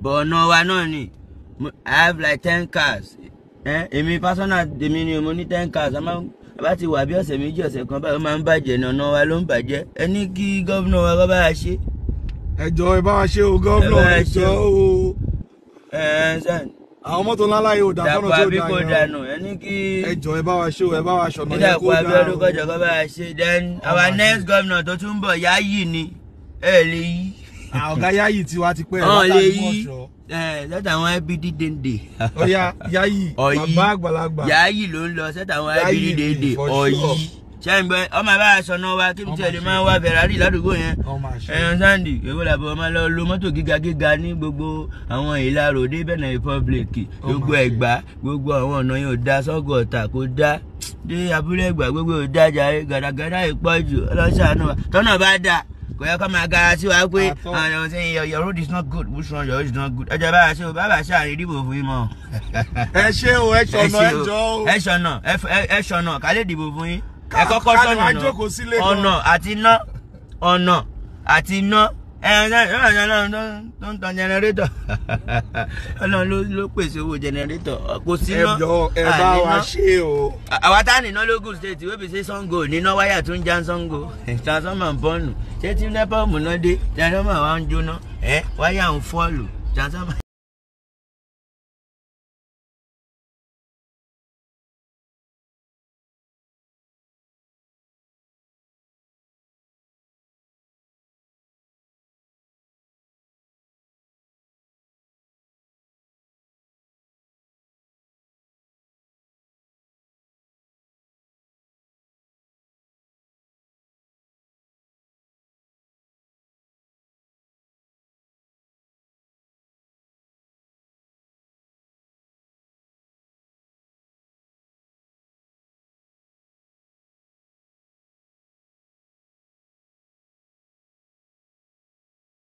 but ọ̀nà wa náà ni i have like ten cars eh, èmi personal èmi ni mo ní ten cars a máa bá ti wà bí ọ̀sẹ̀ méjì ọ̀sẹ̀ kan báyìí ó máa ń bàjẹ́ ní ọ̀nà wa ló ń bàjẹ́ ẹ ní kí gómìnà wa bá bá a ṣe. ẹ jọ ẹ bá wa ṣe o gómìnà ẹ jọ o. ẹ ẹ sẹ́ni àwọn mọ́tò ńlá láyé ò dáná tó dáná dànù ẹjọ ẹ bá wa ṣe o ẹ bá wa ṣọ̀nà yẹ kó dáná ìdàpọ̀ abẹ́rẹ́ kọjọ kọ́ bá ṣe then our next governor tó tún bọ̀ yá yìí ni ẹ lè yí àwọn ah, ọ̀gá yáyì tiwa ti pẹ́ ẹ̀ lọ́tà ní mọ̀ṣọ́. sẹ́tà àwọn ẹbídí dèndé. ọ̀ya yáyì bàbá àgbàlagbà. yáyì ló ń lọ sẹ́tà àwọn ẹbídí dèndé ọ̀yì sẹ́yìnbẹ́ ọmọ bá aṣọ náà wá kí tí ẹ lè máa wá Ferrari ládùúgbò yẹn ẹ̀yàn sandy èwo làbọ̀ ọmọ lọ lo mọ́tò gíga gíga ní gbogbo àwọn ìlà ròdé bẹ̀nà republic gbogbo ẹ̀gbá gbogbo àwọn ọ̀nà yóò dá sọ́gọ̀ ọ̀tà kó dá dé abúlé ẹ̀gbá gbogbo ò dá jàre gàdàgàdà ìpọ́jù ọlọ́sàánú wa tọ́nà bá dáa kò yẹ kó máa ga sí wa pé àwọn ah, ọ̀sẹ̀ your your road is not good which one your road is not good ẹjọ bá a ṣe o bá a ṣe àárín ìdìbò fún yín mọ. ẹ ṣe o ẹ ṣọ̀nà ẹ jọ o ẹ ṣọ̀nà ẹ ṣọ̀nà kálẹ̀ ìdìbò fún yín ẹ kọ́kọ́ ṣọ̀nà ọ̀nà àti iná ọ̀nà àti iná tó ń tan jẹnẹrétọ̀ ọlọ́run ló pèsè owó jẹnẹrétọ̀ kò sí iná ẹ bá wa ṣe o. àwa tá a nìna lógún state wébi sí sango níná wáyà tó ń já sango transformer bọ́ọ̀nù ṣé tí nẹ́pọ̀mù náà dé transformer wa ń jóná wáyà ń fọ́ọ̀lù transformer.